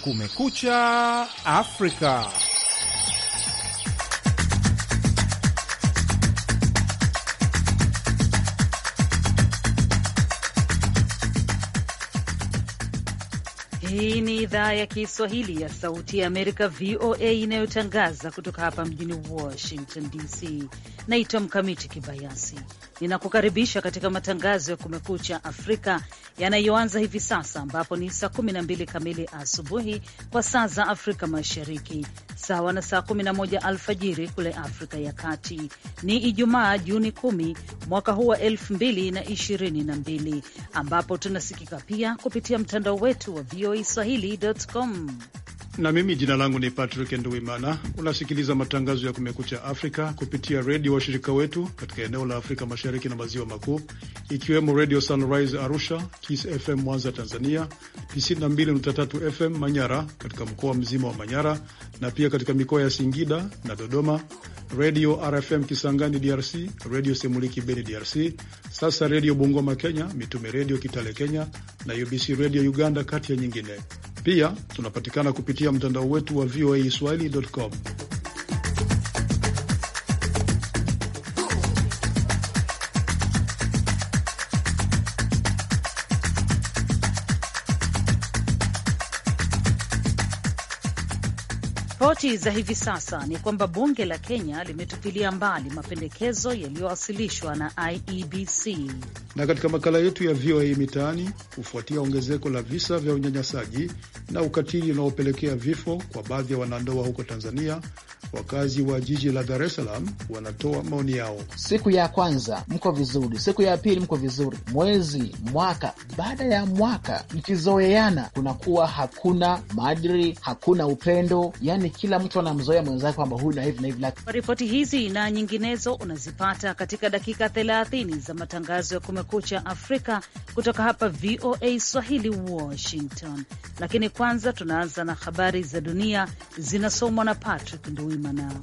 Kumekucha Afrika. Hii ni idhaa ya Kiswahili ya Sauti ya Amerika, VOA, inayotangaza kutoka hapa mjini Washington DC. Naitwa Mkamiti Kibayasi. Ninakukaribisha katika matangazo ya Kumekucha Afrika yanayoanza hivi sasa, ambapo ni saa 12 kamili asubuhi kwa saa za Afrika Mashariki, sawa na saa 11 alfajiri kule Afrika ya Kati. Ni Ijumaa, Juni 10 mwaka huu wa 2022, ambapo tunasikika pia kupitia mtandao wetu wa voa e swahilicom na mimi jina langu ni Patrick Nduimana. Unasikiliza matangazo ya Kumekucha Afrika kupitia redio washirika wetu katika eneo la Afrika Mashariki na Maziwa Makuu, ikiwemo redio Sunrise Arusha, Kiss FM Mwanza Tanzania, 92.3 FM Manyara katika mkoa mzima wa Manyara na pia katika mikoa ya Singida na Dodoma, redio RFM Kisangani DRC, redio Semuliki Beni DRC, sasa redio Bungoma Kenya, Mitume redio Kitale Kenya na UBC redio Uganda, kati ya nyingine. Pia tunapatikana kupitia mtandao wetu wa voa swahili.com. Ripoti za hivi sasa ni kwamba bunge la Kenya limetupilia mbali mapendekezo yaliyowasilishwa na IEBC. Na katika makala yetu ya VOA Mitaani, kufuatia ongezeko la visa vya unyanyasaji na ukatili unaopelekea vifo kwa baadhi ya wanandoa huko Tanzania, Wakazi wa jiji la Dar es Salaam wanatoa maoni yao. Siku ya kwanza mko vizuri, siku ya pili mko vizuri, mwezi, mwaka baada ya mwaka, mkizoeana kunakuwa hakuna maadili, hakuna upendo, yani kila mtu anamzoea mwenzake kwamba huyu na hivi na hivi. Ripoti hizi na nyinginezo unazipata katika dakika 30 za matangazo ya Kumekucha Afrika kutoka hapa VOA Swahili, Washington. Lakini kwanza tunaanza na habari za dunia zinasomwa na Patrick Ndui. Habyarimana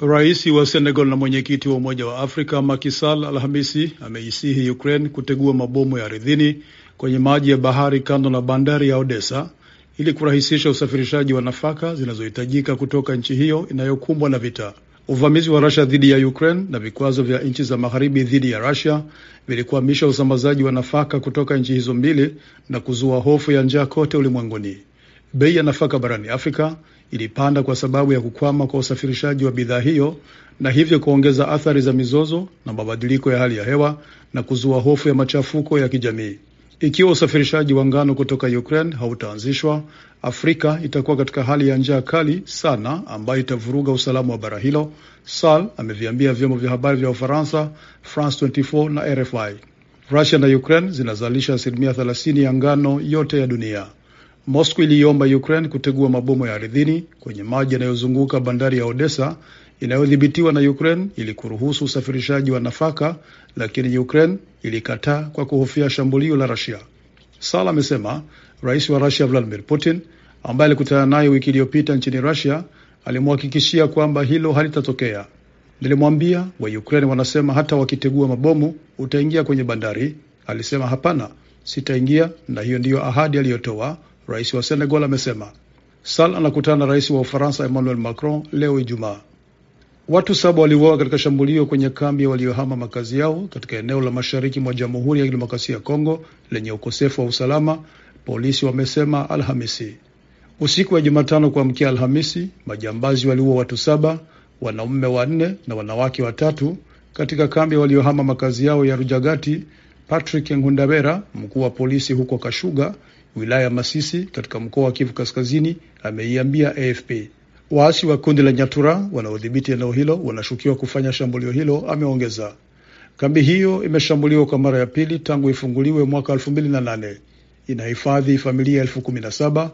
Rais wa Senegal na mwenyekiti wa Umoja wa Afrika Macky Sall Alhamisi ameisihi Ukraine kutegua mabomu ya ardhini kwenye maji ya bahari kando na bandari ya Odessa ili kurahisisha usafirishaji wa nafaka zinazohitajika kutoka nchi hiyo inayokumbwa na vita. Uvamizi wa rasha dhidi ya Ukraine na vikwazo vya nchi za magharibi dhidi ya rusia vilikwamisha usambazaji wa nafaka kutoka nchi hizo mbili na kuzua hofu ya njaa kote ulimwenguni. Bei ya nafaka barani Afrika ilipanda kwa sababu ya kukwama kwa usafirishaji wa bidhaa hiyo na hivyo kuongeza athari za mizozo na mabadiliko ya hali ya hewa na kuzua hofu ya machafuko ya kijamii. Ikiwa usafirishaji wa ngano kutoka Ukraine hautaanzishwa, Afrika itakuwa katika hali ya njaa kali sana ambayo itavuruga usalama wa bara hilo, Sal ameviambia vyombo vya habari vya Ufaransa, France 24 na RFI. Rusia na Ukraine zinazalisha asilimia 30 ya ngano yote ya dunia. Moscow iliiomba Ukraine kutegua mabomu ya ardhini kwenye maji yanayozunguka bandari ya Odessa inayodhibitiwa na Ukraine ili kuruhusu usafirishaji wa nafaka lakini Ukraine ilikataa kwa kuhofia shambulio la rasia Sala amesema rais wa rasia Vladimir Putin ambaye alikutana naye wiki iliyopita nchini rasia alimhakikishia kwamba hilo halitatokea. Nilimwambia Waukraini wanasema hata wakitegua mabomu utaingia kwenye bandari. Alisema hapana, sitaingia, na hiyo ndiyo ahadi aliyotoa. Rais wa Senegal amesema. Sal anakutana na rais wa Ufaransa Emmanuel Macron leo Ijumaa. Watu saba waliuawa katika shambulio kwenye kambi waliohama makazi yao katika eneo la mashariki mwa Jamhuri ya Kidemokrasia ya Kongo lenye ukosefu wa usalama, polisi wamesema Alhamisi. Usiku wa Jumatano kuamkia Alhamisi, majambazi waliua watu saba, wanaume wanne na wanawake watatu katika kambi waliohama makazi yao ya Rujagati. Patrick Ngundabera, mkuu wa polisi huko Kashuga, wilaya ya Masisi katika mkoa wa Kivu Kaskazini, ameiambia AFP. Waasi wa kundi la Nyatura wanaodhibiti eneo hilo wanashukiwa kufanya shambulio hilo, ameongeza. Kambi hiyo imeshambuliwa kwa mara ya pili tangu ifunguliwe mwaka elfu mbili na nane. Inahifadhi familia elfu kumi na saba,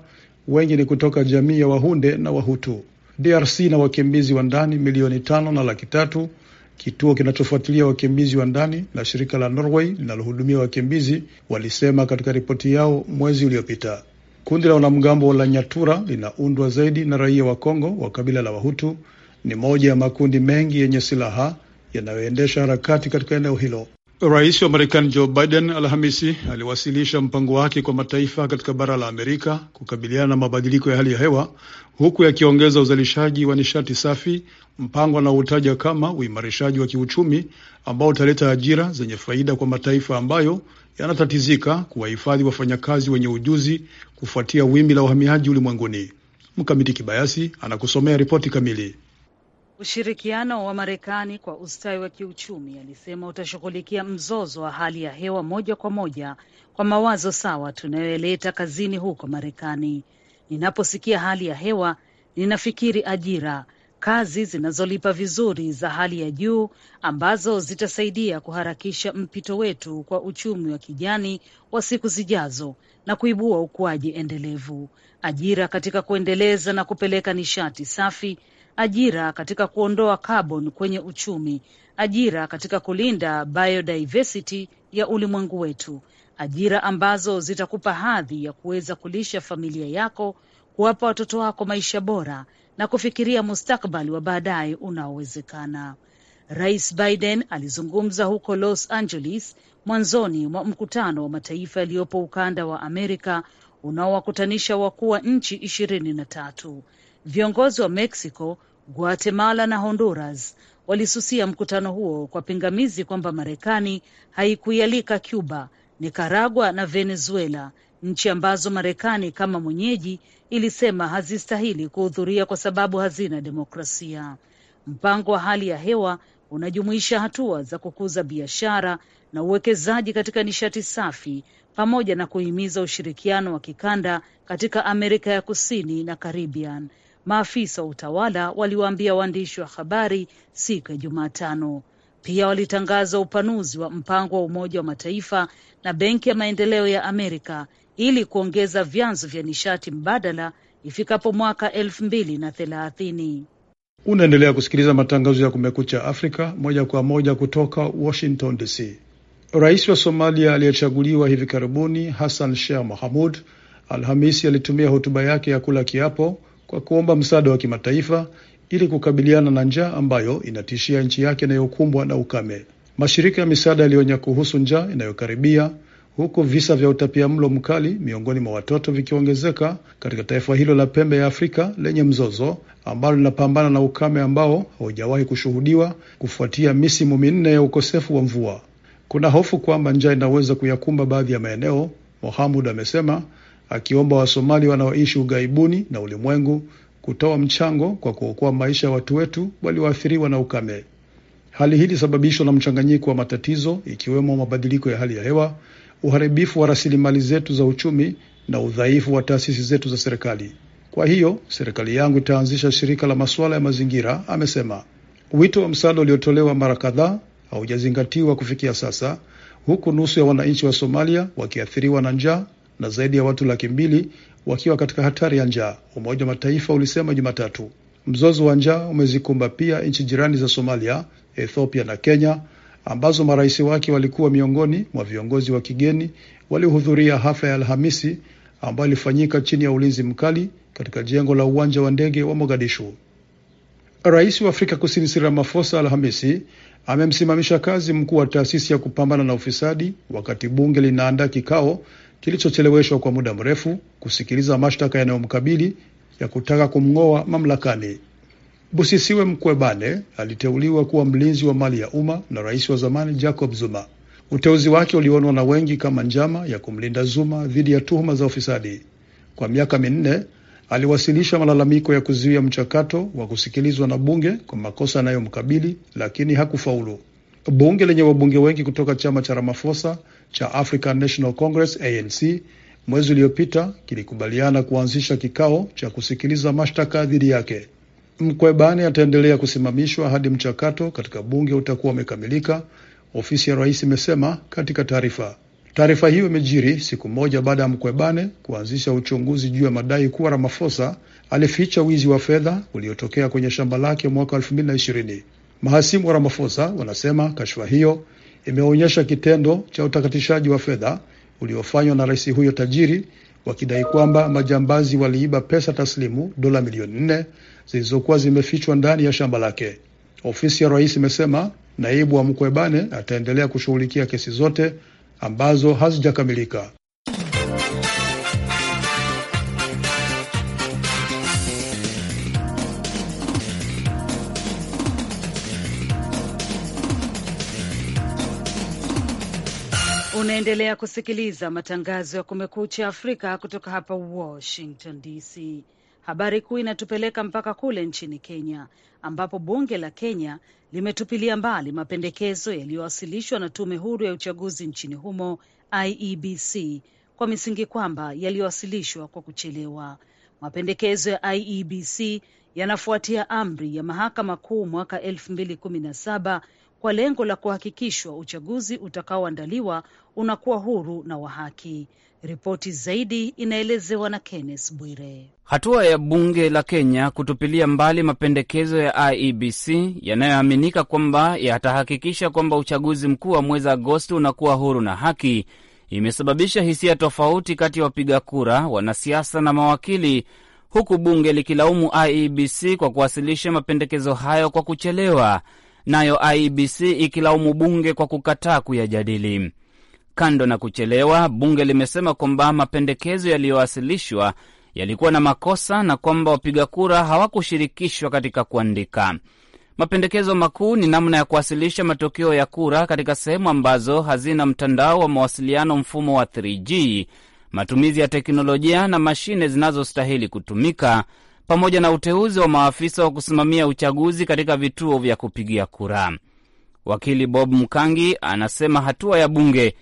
wengi ni kutoka jamii ya Wahunde na Wahutu. DRC na wakimbizi wa ndani milioni tano na laki tatu. Kituo kinachofuatilia wakimbizi wa ndani na shirika la Norway linalohudumia wakimbizi walisema katika ripoti yao mwezi uliopita. Kundi la wanamgambo la Nyatura linaundwa zaidi na raia wa Kongo wa kabila la Wahutu. Ni moja ya makundi mengi yenye silaha yanayoendesha harakati katika eneo hilo. Rais wa Marekani Joe Biden Alhamisi aliwasilisha mpango wake kwa mataifa katika bara la Amerika kukabiliana na mabadiliko ya hali ya hewa huku yakiongeza uzalishaji wa nishati safi, mpango anaoutaja kama uimarishaji wa kiuchumi ambao utaleta ajira zenye faida kwa mataifa ambayo yanatatizika kuwahifadhi wafanyakazi wenye ujuzi kufuatia wimbi la uhamiaji ulimwenguni. Mkamiti Kibayasi anakusomea ripoti kamili. Ushirikiano wa Marekani kwa ustawi wa kiuchumi alisema utashughulikia mzozo wa hali ya hewa moja kwa moja kwa mawazo sawa tunayoyaleta kazini huko Marekani. Ninaposikia hali ya hewa, ninafikiri ajira, kazi zinazolipa vizuri za hali ya juu ambazo zitasaidia kuharakisha mpito wetu kwa uchumi wa kijani wa siku zijazo na kuibua ukuaji endelevu, ajira katika kuendeleza na kupeleka nishati safi, ajira katika kuondoa kaboni kwenye uchumi, ajira katika kulinda biodiversity ya ulimwengu wetu, ajira ambazo zitakupa hadhi ya kuweza kulisha familia yako, kuwapa watoto wako maisha bora na kufikiria mustakbali wa baadaye unaowezekana. Rais Biden alizungumza huko Los Angeles mwanzoni mwa mkutano wa mataifa yaliyopo ukanda wa Amerika unaowakutanisha wakuu wa nchi ishirini na tatu. Viongozi wa Mexico, Guatemala na Honduras walisusia mkutano huo kwa pingamizi kwamba Marekani haikuialika Cuba, Nikaragua na Venezuela, nchi ambazo Marekani kama mwenyeji ilisema hazistahili kuhudhuria kwa sababu hazina demokrasia. Mpango wa hali ya hewa unajumuisha hatua za kukuza biashara na uwekezaji katika nishati safi pamoja na kuhimiza ushirikiano wa kikanda katika Amerika ya Kusini na Caribbean, maafisa wa utawala waliwaambia waandishi wa habari siku ya Jumatano. Pia walitangaza upanuzi wa mpango wa Umoja wa Mataifa na Benki ya Maendeleo ya Amerika ili kuongeza vyanzo vya nishati mbadala ifikapo mwaka elfu mbili na thelathini. Unaendelea kusikiliza matangazo ya Kumekucha Afrika moja kwa moja kutoka Washington DC. Rais wa Somalia aliyechaguliwa hivi karibuni Hassan Sheikh Mohamud Alhamisi alitumia hotuba yake ya kula kiapo kwa kuomba msaada wa kimataifa ili kukabiliana na njaa ambayo inatishia nchi yake inayokumbwa na ukame. Mashirika ya misaada yalionya kuhusu njaa inayokaribia huku visa vya utapia mlo mkali miongoni mwa watoto vikiongezeka katika taifa hilo la pembe ya Afrika lenye mzozo ambalo linapambana na ukame ambao haujawahi kushuhudiwa kufuatia misimu minne ya ukosefu wa mvua. Kuna hofu kwamba njaa inaweza kuyakumba baadhi ya maeneo, Mohamud amesema, akiomba Wasomali wanaoishi ughaibuni na ulimwengu kutoa mchango kwa kuokoa maisha ya watu wetu walioathiriwa na ukame. Hali hii ilisababishwa na mchanganyiko wa matatizo ikiwemo mabadiliko ya hali ya hewa uharibifu wa rasilimali zetu za uchumi na udhaifu wa taasisi zetu za serikali. Kwa hiyo serikali yangu itaanzisha shirika la masuala ya mazingira, amesema. Wito wa msaada uliotolewa mara kadhaa haujazingatiwa kufikia sasa, huku nusu ya wananchi wa Somalia wakiathiriwa na njaa na zaidi ya watu laki mbili wakiwa katika hatari ya njaa, Umoja wa Mataifa ulisema Jumatatu. Mzozo wa njaa umezikumba pia nchi jirani za Somalia, Ethiopia na Kenya, ambazo marais wake walikuwa miongoni mwa viongozi wa kigeni waliohudhuria hafla ya Alhamisi ambayo ilifanyika chini ya ulinzi mkali katika jengo la uwanja wa ndege wa Mogadishu. Rais wa Afrika Kusini Cyril Ramaphosa Alhamisi amemsimamisha kazi mkuu wa taasisi ya kupambana na ufisadi wakati bunge linaandaa kikao kilichocheleweshwa kwa muda mrefu kusikiliza mashtaka yanayomkabili ya kutaka kumng'oa mamlakani. Busisiwe Mkwebane aliteuliwa kuwa mlinzi wa mali ya umma na rais wa zamani Jacob Zuma. Uteuzi wake ulionwa na wengi kama njama ya kumlinda Zuma dhidi ya tuhuma za ufisadi. Kwa miaka minne aliwasilisha malalamiko ya kuzuia mchakato wa kusikilizwa na bunge kwa makosa yanayomkabili lakini hakufaulu. Bunge lenye wabunge wengi kutoka chama cha Ramaphosa cha African National Congress ANC mwezi uliopita kilikubaliana kuanzisha kikao cha kusikiliza mashtaka dhidi yake. Mkwebane ataendelea kusimamishwa hadi mchakato katika bunge utakuwa umekamilika, ofisi ya rais imesema katika taarifa. Taarifa hiyo imejiri siku moja baada ya Mkwebane kuanzisha uchunguzi juu ya madai kuwa ramafosa alificha wizi wa fedha uliotokea kwenye shamba lake mwaka 2020. Mahasimu wa Ramafosa wanasema kashfa hiyo imeonyesha kitendo cha utakatishaji wa fedha uliofanywa na rais huyo tajiri, wakidai kwamba majambazi waliiba pesa taslimu dola milioni nne zilizokuwa zimefichwa ndani ya shamba lake. Ofisi ya rais imesema naibu wa Mkwebane ataendelea kushughulikia kesi zote ambazo hazijakamilika. Unaendelea kusikiliza matangazo ya Kumekucha Afrika kutoka hapa Washington DC. Habari kuu inatupeleka mpaka kule nchini Kenya ambapo bunge la Kenya limetupilia mbali mapendekezo yaliyowasilishwa na tume huru ya uchaguzi nchini humo IEBC kwa misingi kwamba yaliyowasilishwa kwa kuchelewa. Mapendekezo ya IEBC yanafuatia amri ya mahakama kuu mwaka 217 kwa lengo la kuhakikishwa uchaguzi utakaoandaliwa unakuwa huru na wa haki. Ripoti zaidi inaelezewa na Kenneth Bwire. Hatua ya bunge la Kenya kutupilia mbali mapendekezo ya IEBC yanayoaminika kwamba yatahakikisha kwamba uchaguzi mkuu wa mwezi Agosti unakuwa huru na haki imesababisha hisia tofauti kati ya wapiga kura, wanasiasa na mawakili, huku bunge likilaumu IEBC kwa kuwasilisha mapendekezo hayo kwa kuchelewa, nayo IEBC ikilaumu bunge kwa kukataa kuyajadili. Kando na kuchelewa, bunge limesema kwamba mapendekezo yaliyowasilishwa yalikuwa na makosa na kwamba wapiga kura hawakushirikishwa katika kuandika. Mapendekezo makuu ni namna ya kuwasilisha matokeo ya kura katika sehemu ambazo hazina mtandao wa mawasiliano, mfumo wa 3G, matumizi ya teknolojia na mashine zinazostahili kutumika, pamoja na uteuzi wa maafisa wa kusimamia uchaguzi katika vituo vya kupigia kura. Wakili Bob Mkangi anasema hatua ya bunge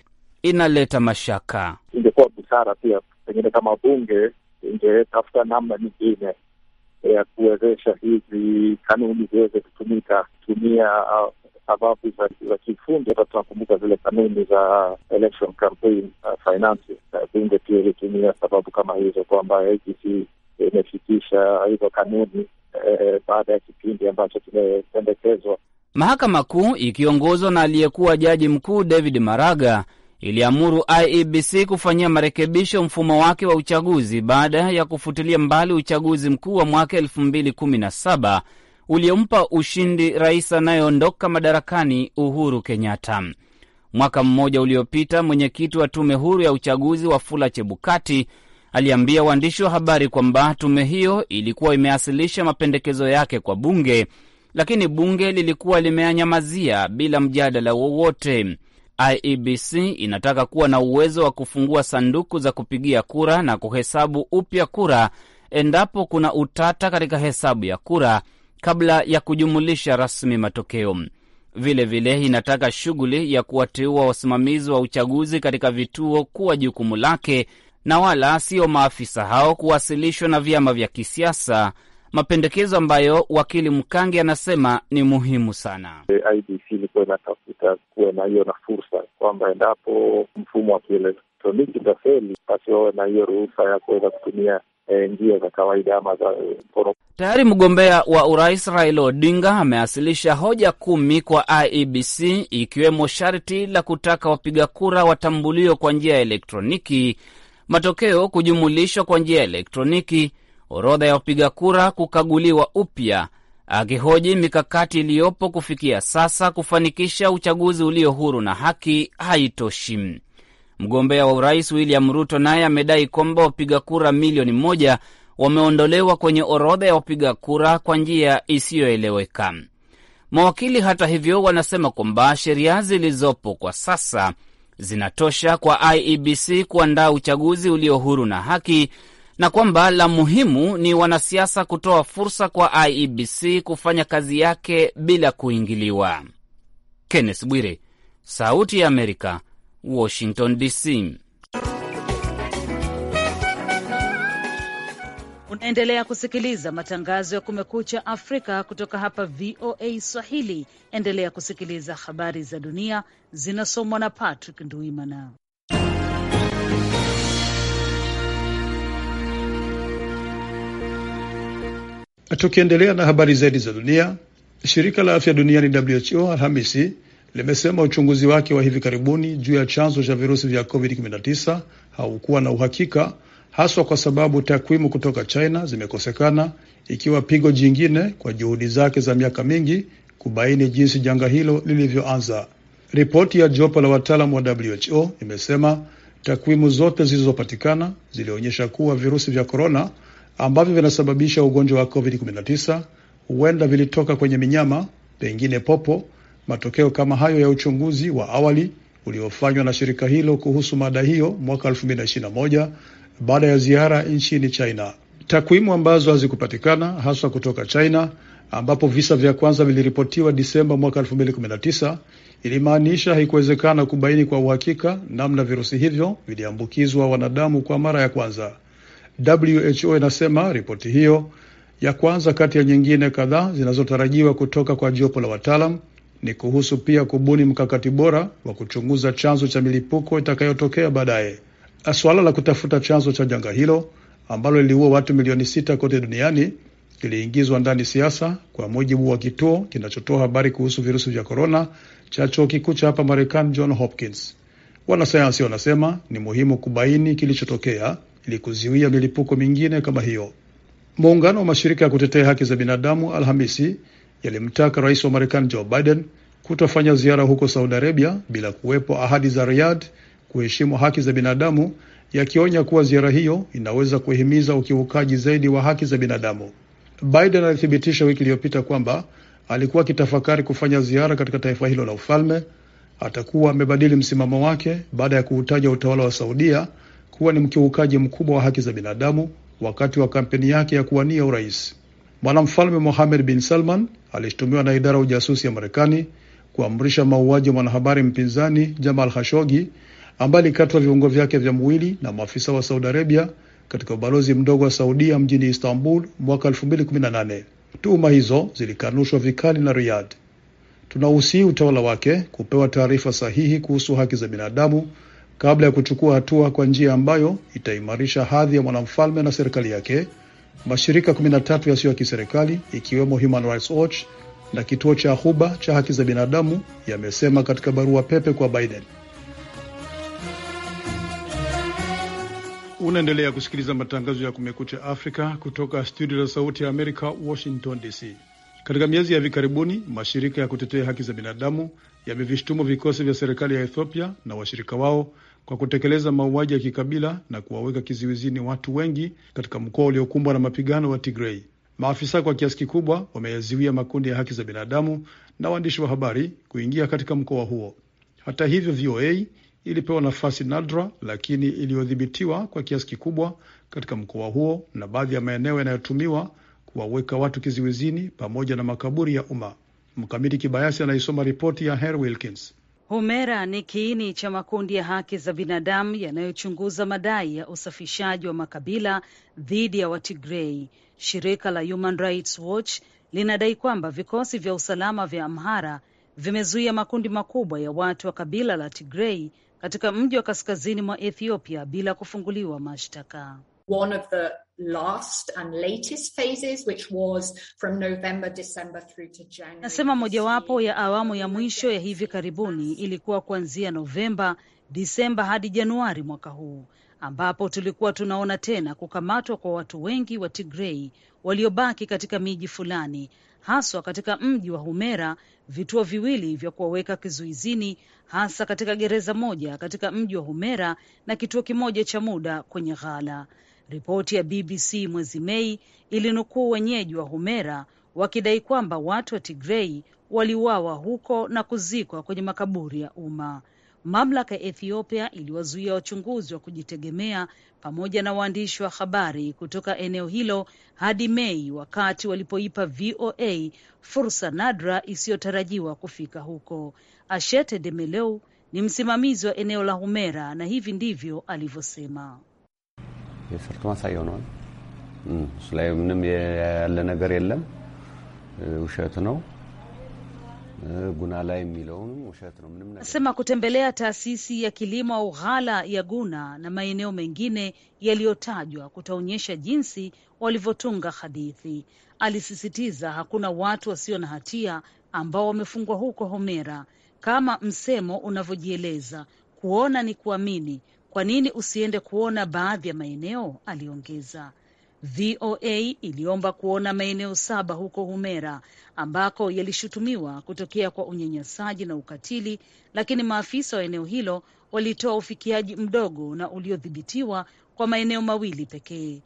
inaleta mashaka. Ingekuwa busara pia pengine kama bunge ingetafuta namna nyingine eh, ya kuwezesha hizi kanuni ziweze kutumika kutumia uh, sababu uh, za, kiufundi. Hata tunakumbuka zile kanuni za election campaign uh, finance uh, bunge pia ilitumia sababu kama hizo kwamba imefikisha hizo kanuni eh, baada ya kipindi ambacho kimependekezwa. Mahakama Kuu ikiongozwa na aliyekuwa jaji mkuu David Maraga iliamuru IEBC kufanyia marekebisho mfumo wake wa uchaguzi baada ya kufutilia mbali uchaguzi mkuu wa mwaka 2017 uliompa ushindi rais anayeondoka madarakani Uhuru Kenyatta. Mwaka mmoja uliopita, mwenyekiti wa tume huru ya uchaguzi Wafula Chebukati aliambia waandishi wa habari kwamba tume hiyo ilikuwa imewasilisha mapendekezo yake kwa bunge, lakini bunge lilikuwa limeanyamazia bila mjadala wowote. IEBC inataka kuwa na uwezo wa kufungua sanduku za kupigia kura na kuhesabu upya kura endapo kuna utata katika hesabu ya kura kabla ya kujumulisha rasmi matokeo. Vilevile vile inataka shughuli ya kuwateua wasimamizi wa uchaguzi katika vituo kuwa jukumu lake na wala sio maafisa hao kuwasilishwa na vyama vya kisiasa mapendekezo ambayo wakili Mkangi anasema ni muhimu sana. IBC ilikuwa inatafuta kuwe na hiyo na fursa kwamba endapo mfumo wa kielektroniki utafeli, basi wawe na hiyo ruhusa ya kuweza kutumia eh, njia za kawaida ama za eh, mkono. Tayari mgombea wa urais Raila Odinga amewasilisha hoja kumi kwa IEBC ikiwemo sharti la kutaka wapiga kura watambuliwe kwa njia ya elektroniki, matokeo kujumulishwa kwa njia ya elektroniki, orodha ya wapiga kura kukaguliwa upya, akihoji mikakati iliyopo kufikia sasa kufanikisha uchaguzi ulio huru na haki haitoshi. Mgombea wa urais William Ruto naye amedai kwamba wapiga kura milioni moja wameondolewa kwenye orodha ya wapiga kura kwa njia isiyoeleweka. Mawakili hata hivyo, wanasema kwamba sheria zilizopo kwa sasa zinatosha kwa IEBC kuandaa uchaguzi ulio huru na haki na kwamba la muhimu ni wanasiasa kutoa fursa kwa IEBC kufanya kazi yake bila kuingiliwa. Kenneth Bwire, Sauti ya Amerika, Washington DC. Unaendelea kusikiliza matangazo ya Kumekucha Afrika kutoka hapa VOA Swahili. Endelea kusikiliza habari za dunia zinasomwa na Patrick Nduimana. Tukiendelea na habari zaidi za dunia, shirika la afya duniani WHO Alhamisi limesema uchunguzi wake wa hivi karibuni juu ya chanzo cha virusi vya COVID-19 haukuwa na uhakika, haswa kwa sababu takwimu kutoka China zimekosekana, ikiwa pigo jingine kwa juhudi zake za miaka mingi kubaini jinsi janga hilo lilivyoanza. Ripoti ya jopo la wataalamu wa WHO imesema takwimu zote zilizopatikana zilionyesha kuwa virusi vya korona ambavyo vinasababisha ugonjwa wa COVID-19 huenda vilitoka kwenye minyama, pengine popo. Matokeo kama hayo ya uchunguzi wa awali uliofanywa na shirika hilo kuhusu mada hiyo mwaka 2021 baada ya ziara nchini China. Takwimu ambazo hazikupatikana haswa kutoka China ambapo visa vya kwanza viliripotiwa Disemba mwaka 2019 ilimaanisha haikuwezekana kubaini kwa uhakika namna virusi hivyo viliambukizwa wanadamu kwa mara ya kwanza. WHO inasema ripoti hiyo ya kwanza kati ya nyingine kadhaa zinazotarajiwa kutoka kwa jopo la wataalam ni kuhusu pia kubuni mkakati bora wa kuchunguza chanzo cha milipuko itakayotokea baadaye. Swala la kutafuta chanzo cha janga hilo ambalo liliua watu milioni sita kote duniani liliingizwa ndani siasa, kwa mujibu wa kituo kinachotoa habari kuhusu virusi vya korona cha chuo kikuu cha hapa Marekani, John Hopkins. Wanasayansi wanasema ni muhimu kubaini kilichotokea ili kuzuia milipuko mingine kama hiyo. Muungano wa mashirika ya kutetea haki za binadamu Alhamisi yalimtaka rais wa Marekani Joe Biden kutofanya ziara huko Saudi Arabia bila kuwepo ahadi za Riyadh kuheshimu haki za binadamu, yakionya kuwa ziara hiyo inaweza kuhimiza ukiukaji zaidi wa haki za binadamu. Biden alithibitisha wiki iliyopita kwamba alikuwa akitafakari kufanya ziara katika taifa hilo la ufalme. Atakuwa amebadili msimamo wake baada ya kuutaja utawala wa Saudia kuwa ni mkiukaji mkubwa wa haki za binadamu wakati wa kampeni yake ya kuwania urais. Mwanamfalme Mohamed bin Salman alishutumiwa na idara ya ujasusi ya Marekani kuamrisha mauaji wa mwanahabari mpinzani Jamal Khashoggi ambaye alikatwa viungo vyake vya mwili na maafisa wa Saudi Arabia katika ubalozi mdogo wa Saudia mjini Istanbul mwaka 2018. Tuhuma hizo zilikanushwa vikali na Riyadh. tunahusii utawala wake kupewa taarifa sahihi kuhusu haki za binadamu kabla ya kuchukua hatua kwa njia ambayo itaimarisha hadhi ya mwanamfalme na serikali yake. Mashirika 13 yasiyo ya kiserikali ikiwemo Human Rights Watch na kituo cha huba cha haki za binadamu yamesema katika barua pepe kwa Biden. Unaendelea kusikiliza matangazo ya Kumekucha Afrika kutoka studio za Sauti ya Amerika, Washington DC. Katika miezi ya hivi karibuni, mashirika ya kutetea haki za binadamu yamevishtumu vikosi vya serikali ya Ethiopia na washirika wao kwa kutekeleza mauaji ya kikabila na kuwaweka kiziwizini watu wengi katika mkoa uliokumbwa na mapigano wa Tigrei. Maafisa kwa kiasi kikubwa wameyaziwia makundi ya haki za binadamu na waandishi wa habari kuingia katika mkoa huo. Hata hivyo, VOA ilipewa nafasi nadra lakini iliyodhibitiwa kwa kiasi kikubwa katika mkoa huo na baadhi ya maeneo yanayotumiwa kuwaweka watu kiziwizini pamoja na makaburi ya umma. Mkamiti Kibayasi anaisoma ripoti ya Her Wilkins. Humera ni kiini cha makundi ya haki za binadamu yanayochunguza madai ya usafishaji wa makabila dhidi ya Watigrei. Shirika la Human Rights Watch linadai kwamba vikosi vya usalama vya Amhara vimezuia makundi makubwa ya watu wa kabila la Tigrei katika mji wa kaskazini mwa Ethiopia bila kufunguliwa mashtaka one of the last and latest phases which was from November December through to January. Nasema mojawapo ya awamu ya mwisho ya hivi karibuni ilikuwa kuanzia Novemba, Disemba hadi Januari mwaka huu ambapo tulikuwa tunaona tena kukamatwa kwa watu wengi wa Tigrei waliobaki katika miji fulani, haswa katika mji wa Humera, vituo viwili vya kuwaweka kizuizini, hasa katika gereza moja katika mji wa Humera na kituo kimoja cha muda kwenye ghala. Ripoti ya BBC mwezi Mei ilinukuu wenyeji wa Humera wakidai kwamba watu wa Tigrei waliuawa huko na kuzikwa kwenye makaburi ya umma. Mamlaka ya Ethiopia iliwazuia wachunguzi wa kujitegemea pamoja na waandishi wa habari kutoka eneo hilo hadi Mei, wakati walipoipa VOA fursa nadra isiyotarajiwa kufika huko. Ashete Demeleu ni msimamizi wa eneo la Humera na hivi ndivyo alivyosema. የሰርቶ ማሳያ ሆነዋል። እሱ ላይ ምንም ያለ ነገር የለም፣ ውሸት ነው። ጉና ላይ ውሸት ነው። ምንም ስማ። Kutembelea taasisi ya kilimo au ghala ya Guna na maeneo mengine yaliyotajwa kutaonyesha jinsi walivyotunga hadithi. Alisisitiza hakuna watu wasio na hatia ambao wamefungwa huko Homera, kama msemo unavyojieleza, kuona ni kuamini. Kwa nini usiende kuona baadhi ya maeneo? aliongeza. VOA iliomba kuona maeneo saba huko Humera ambako yalishutumiwa kutokea kwa unyanyasaji na ukatili, lakini maafisa wa eneo hilo walitoa ufikiaji mdogo na uliodhibitiwa kwa maeneo mawili pekee.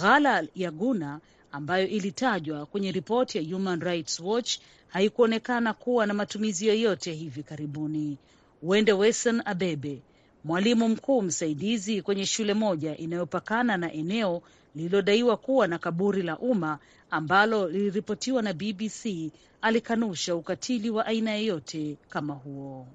Ghala ya Guna ambayo ilitajwa kwenye ripoti ya Human Rights Watch haikuonekana kuwa na matumizi yoyote hivi karibuni. Wende Wesen Abebe mwalimu mkuu msaidizi kwenye shule moja inayopakana na eneo lililodaiwa kuwa na kaburi la umma ambalo liliripotiwa na BBC alikanusha ukatili wa aina yeyote kama huo.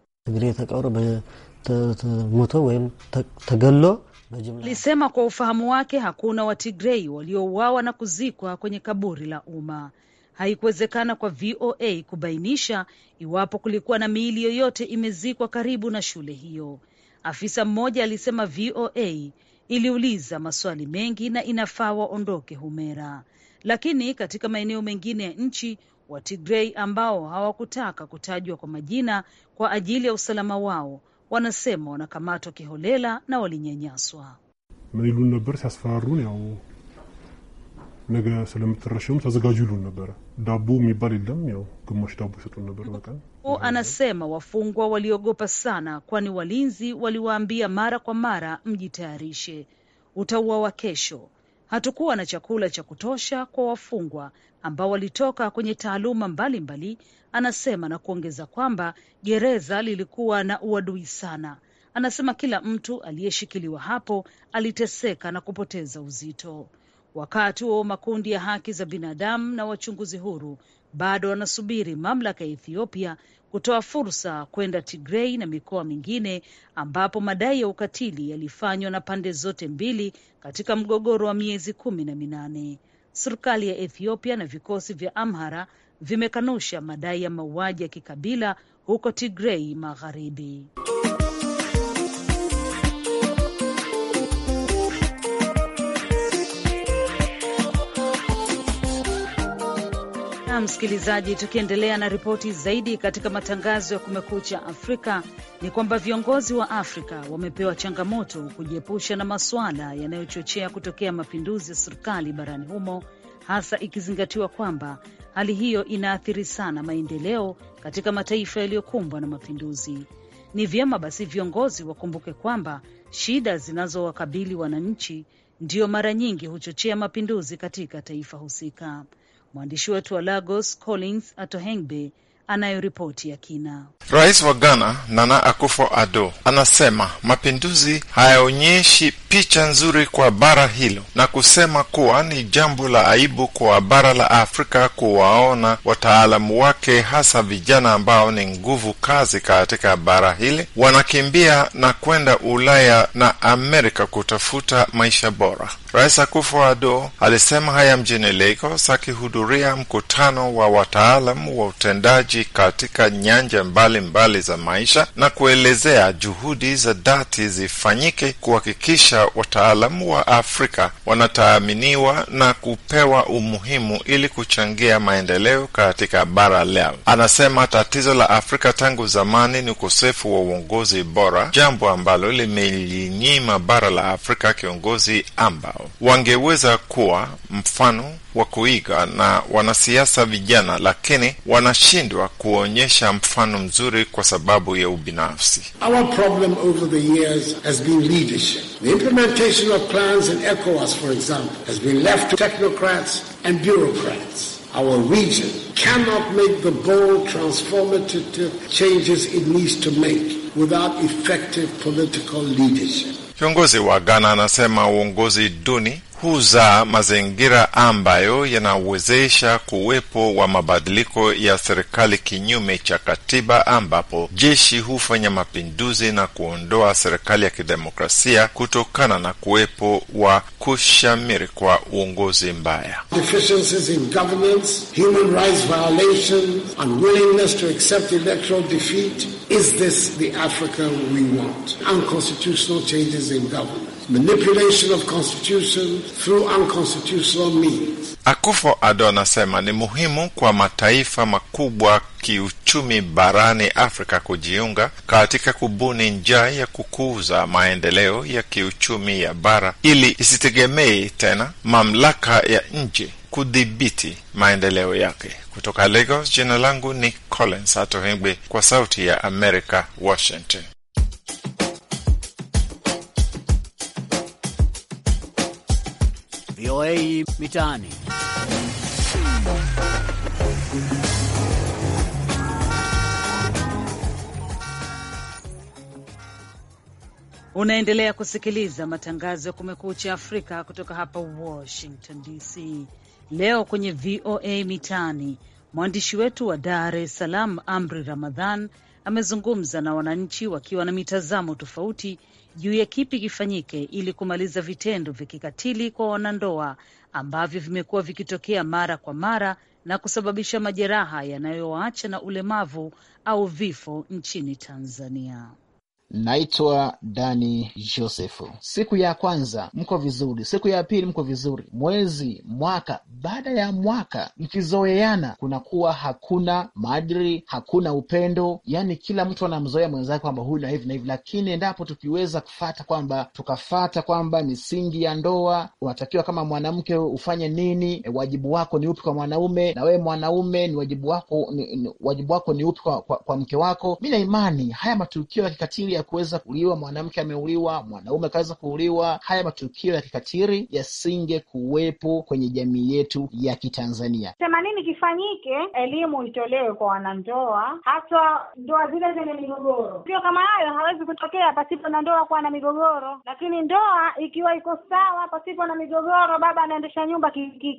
Alisema kwa ufahamu wake hakuna Watigrei waliouawa na kuzikwa kwenye kaburi la umma. Haikuwezekana kwa VOA kubainisha iwapo kulikuwa na miili yoyote imezikwa karibu na shule hiyo. Afisa mmoja alisema VOA iliuliza maswali mengi na inafaa waondoke Humera, lakini katika maeneo mengine ya nchi Watigrei ambao hawakutaka kutajwa kwa majina kwa ajili ya usalama wao wanasema wanakamatwa kiholela na walinyanyaswa. ነገ ስለምትረሸሙ ተዘጋጁ ይሉን ነበረ። ዳቦ የሚባል የለም፣ ያው ግማሽ ዳቦ ይሰጡን ነበር በቀን። Anasema wafungwa waliogopa sana, kwani walinzi waliwaambia mara kwa mara, mjitayarishe, utauawa kesho. Hatukuwa na chakula cha kutosha kwa wafungwa ambao walitoka kwenye taaluma mbalimbali mbali, anasema na kuongeza kwamba gereza lilikuwa na uadui sana. Anasema kila mtu aliyeshikiliwa hapo aliteseka na kupoteza uzito. Wakati huo makundi ya haki za binadamu na wachunguzi huru bado wanasubiri mamlaka ya Ethiopia kutoa fursa kwenda Tigrei na mikoa mingine ambapo madai ya ukatili yalifanywa na pande zote mbili katika mgogoro wa miezi kumi na minane. Serikali ya Ethiopia na vikosi vya Amhara vimekanusha madai ya mauaji ya kikabila huko Tigrei Magharibi. na msikilizaji, tukiendelea na ripoti zaidi katika matangazo ya Kumekucha Afrika ni kwamba viongozi wa Afrika wamepewa changamoto kujiepusha na masuala yanayochochea kutokea mapinduzi ya serikali barani humo, hasa ikizingatiwa kwamba hali hiyo inaathiri sana maendeleo katika mataifa yaliyokumbwa na mapinduzi. Ni vyema basi viongozi wakumbuke kwamba shida zinazowakabili wananchi ndiyo mara nyingi huchochea mapinduzi katika taifa husika. Mwandishi wetu wa Lagos, Collins Atohengbe, anayoripoti ya kina. Rais wa Ghana Nana akufo ado anasema mapinduzi hayaonyeshi picha nzuri kwa bara hilo na kusema kuwa ni jambo la aibu kwa bara la Afrika kuwaona wataalamu wake hasa vijana ambao ni nguvu kazi katika bara hili wanakimbia na kwenda Ulaya na Amerika kutafuta maisha bora. Rais Akufo-Addo alisema haya mjini Lagos akihudhuria mkutano wa wataalam wa utendaji katika nyanja mbalimbali mbali za maisha na kuelezea juhudi za dhati zifanyike kuhakikisha wataalamu wa Afrika wanataaminiwa na kupewa umuhimu ili kuchangia maendeleo katika bara lao. Anasema tatizo la Afrika tangu zamani ni ukosefu wa uongozi bora, jambo ambalo limelinyima bara la Afrika kiongozi ambao wangeweza kuwa mfano wa kuiga na wanasiasa vijana, lakini wanashindwa kuonyesha mfano mzuri kwa sababu ya ubinafsi. Our problem over the years has been leadership. The implementation of plans in ECOWAS, for example, has been left to technocrats and bureaucrats. Our region cannot make the bold transformative changes it needs to make without effective political leadership. Kiongozi wa Ghana anasema uongozi duni huzaa mazingira ambayo yanawezesha kuwepo wa mabadiliko ya serikali kinyume cha katiba, ambapo jeshi hufanya mapinduzi na kuondoa serikali ya kidemokrasia kutokana na kuwepo wa kushamiri kwa uongozi mbaya. Is this the Africa we want? Unconstitutional changes in government. Manipulation of constitution through unconstitutional means. akufo Ado anasema ni muhimu kwa mataifa makubwa kiuchumi barani Afrika kujiunga katika kubuni njia ya kukuza maendeleo ya kiuchumi ya bara ili isitegemee tena mamlaka ya nje kudhibiti maendeleo yake. Kutoka Lagos, jina langu ni Collins Atohengwe, kwa Sauti ya america Washington. VOA Mitaani. Unaendelea kusikiliza matangazo ya Kumekucha Afrika kutoka hapa Washington DC. Leo kwenye VOA Mitaani, mwandishi wetu wa Dar es Salaam, Amri Ramadhan, amezungumza na wananchi wakiwa na mitazamo tofauti juu ya kipi kifanyike ili kumaliza vitendo vya kikatili kwa wanandoa ambavyo vimekuwa vikitokea mara kwa mara na kusababisha majeraha yanayowaacha na ulemavu au vifo nchini Tanzania. Naitwa Dani Josefu. Siku ya kwanza mko vizuri, siku ya pili mko vizuri, mwezi, mwaka baada ya mwaka mkizoeana, kunakuwa hakuna maadili, hakuna upendo, yani kila mtu anamzoea mwenzake kwamba huyu na hivi na hivi. Lakini endapo tukiweza kufata kwamba tukafata kwamba misingi ya ndoa, unatakiwa kama mwanamke ufanye nini, e, wajibu wako ni upi kwa mwanaume, na wewe mwanaume ni wajibu wako ni, ni, wajibu wako ni upi kwa, kwa, kwa mke wako. Mi na imani haya matukio ya kikatili ya kuweza kuuliwa, mwanamke ameuliwa, mwanaume akaweza kuuliwa. Haya matukio ya kikatili yasinge kuwepo kwenye jamii yetu ya Kitanzania. Themanini kifanyike, elimu itolewe kwa wanandoa, haswa ndoa zile zenye migogoro. Sio kama hayo hawezi kutokea pasipo na ndoa kuwa na migogoro, lakini ndoa ikiwa iko sawa pasipo na migogoro, baba anaendesha nyumba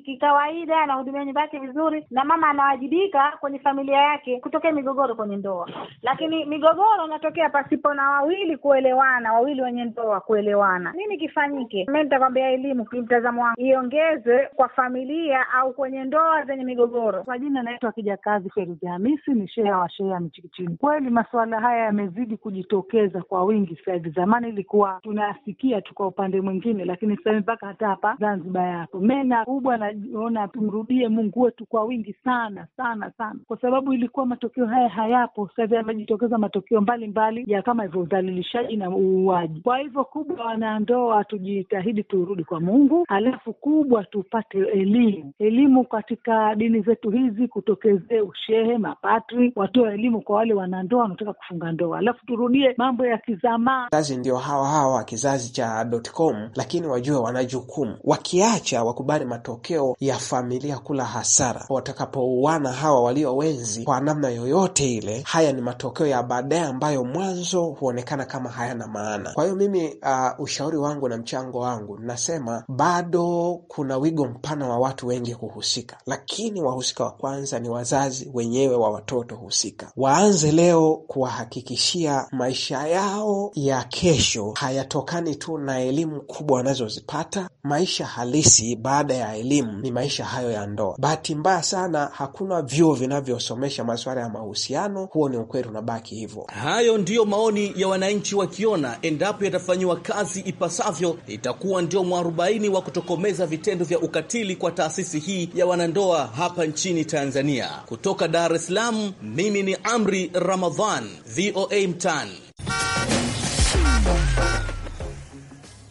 kikawaida ki, ki anahudumia nyumba yake vizuri, na mama anawajibika kwenye familia yake, kutokea migogoro kwenye ndoa. Lakini migogoro inatokea pasipo na wawili kuelewana, wawili wenye ndoa kuelewana. Nini kifanyike? Mi nitakwambia elimu, kimtazamo wangu, iongezwe kwa familia au kwenye ndoa zenye migogoro. Kwa jina naitwa Kijakazi Feruzi Hamisi, ni sheha wa sheha Michikichini. Kweli masuala haya yamezidi kujitokeza kwa wingi sasa hivi. Zamani ilikuwa tunayasikia tu kwa upande mwingine, lakini sasa hivi mpaka hata hapa Zanzibar yapo. Mena kubwa naona tumrudie Mungu wetu kwa wingi sana sana sana, kwa sababu ilikuwa matokeo haya hayapo. Sasa hivi yamejitokeza matokeo mbalimbali mbali ya kama ambavyo udhalilishaji na uuaji. Kwa hivyo kubwa, wanandoa, tujitahidi turudi kwa Mungu, alafu kubwa tupate elimu. Elimu katika dini zetu hizi, kutokezee ushehe, mapatri watoe elimu kwa wale wanandoa wanaotaka kufunga ndoa, alafu turudie mambo ya kizamaa. Wazazi ndio hawa hawa wa kizazi cha com, lakini wajue wana jukumu, wakiacha wakubali matokeo ya familia kula hasara watakapouana hawa walio wenzi kwa namna yoyote ile. Haya ni matokeo ya baadaye ambayo mwanzo kuonekana kama hayana maana. Kwa hiyo mimi, uh, ushauri wangu na mchango wangu nasema, bado kuna wigo mpana wa watu wengi kuhusika, lakini wahusika wa kwanza ni wazazi wenyewe wa watoto husika. Waanze leo kuwahakikishia maisha yao ya kesho hayatokani tu na elimu kubwa wanazozipata. Maisha halisi baada ya elimu ni maisha hayo ya ndoa. Bahati mbaya sana hakuna vyuo vinavyosomesha masuala ya mahusiano. Huo ni ukweli, unabaki hivyo. Hayo ndiyo maoni ya wananchi wakiona, endapo yatafanyiwa kazi ipasavyo, itakuwa ndio mwarobaini wa kutokomeza vitendo vya ukatili kwa taasisi hii ya wanandoa hapa nchini Tanzania. Kutoka Dar es Salaam, mimi ni Amri Ramadhan, VOA mtan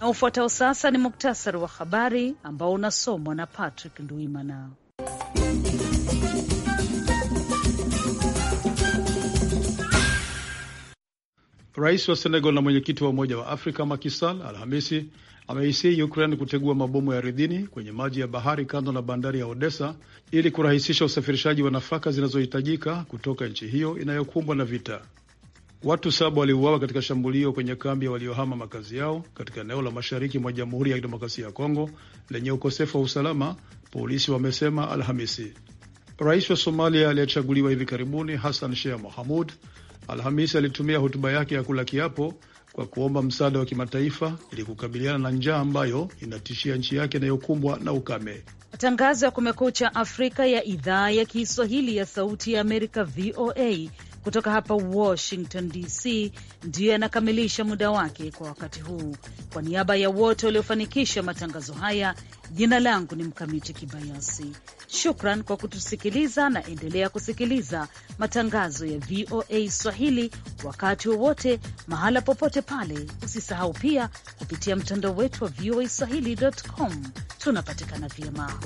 Na ufuatao sasa ni muktasari wa habari ambao unasomwa na Patrick Nduimana. Rais wa Senegal na mwenyekiti wa Umoja wa Afrika Macky Sall Alhamisi ameisihi Ukraine kutegua mabomu ya ardhini kwenye maji ya bahari kando na bandari ya Odessa ili kurahisisha usafirishaji wa nafaka zinazohitajika kutoka nchi hiyo inayokumbwa na vita. Watu saba waliuawa katika shambulio kwenye kambi ya waliohama makazi yao katika eneo la mashariki mwa Jamhuri ya Kidemokrasia ya Kongo lenye ukosefu wa usalama, polisi wamesema Alhamisi. Rais wa Somalia aliyechaguliwa hivi karibuni Hassan Sheikh Mohamud Alhamisi alitumia hotuba yake ya kula kiapo kwa kuomba msaada wa kimataifa ili kukabiliana na njaa ambayo inatishia nchi yake inayokumbwa na ukame. Matangazo ya Kumekucha Afrika ya idhaa ya Kiswahili ya Sauti ya Amerika, VOA, kutoka hapa Washington DC ndiye anakamilisha muda wake kwa wakati huu. Kwa niaba ya wote waliofanikisha matangazo haya, jina langu ni Mkamiti Kibayasi. Shukran kwa kutusikiliza, na endelea kusikiliza matangazo ya VOA Swahili wakati wowote, mahala popote pale. Usisahau pia kupitia mtandao wetu wa voa Swahili.com, Tunapatikana vyema.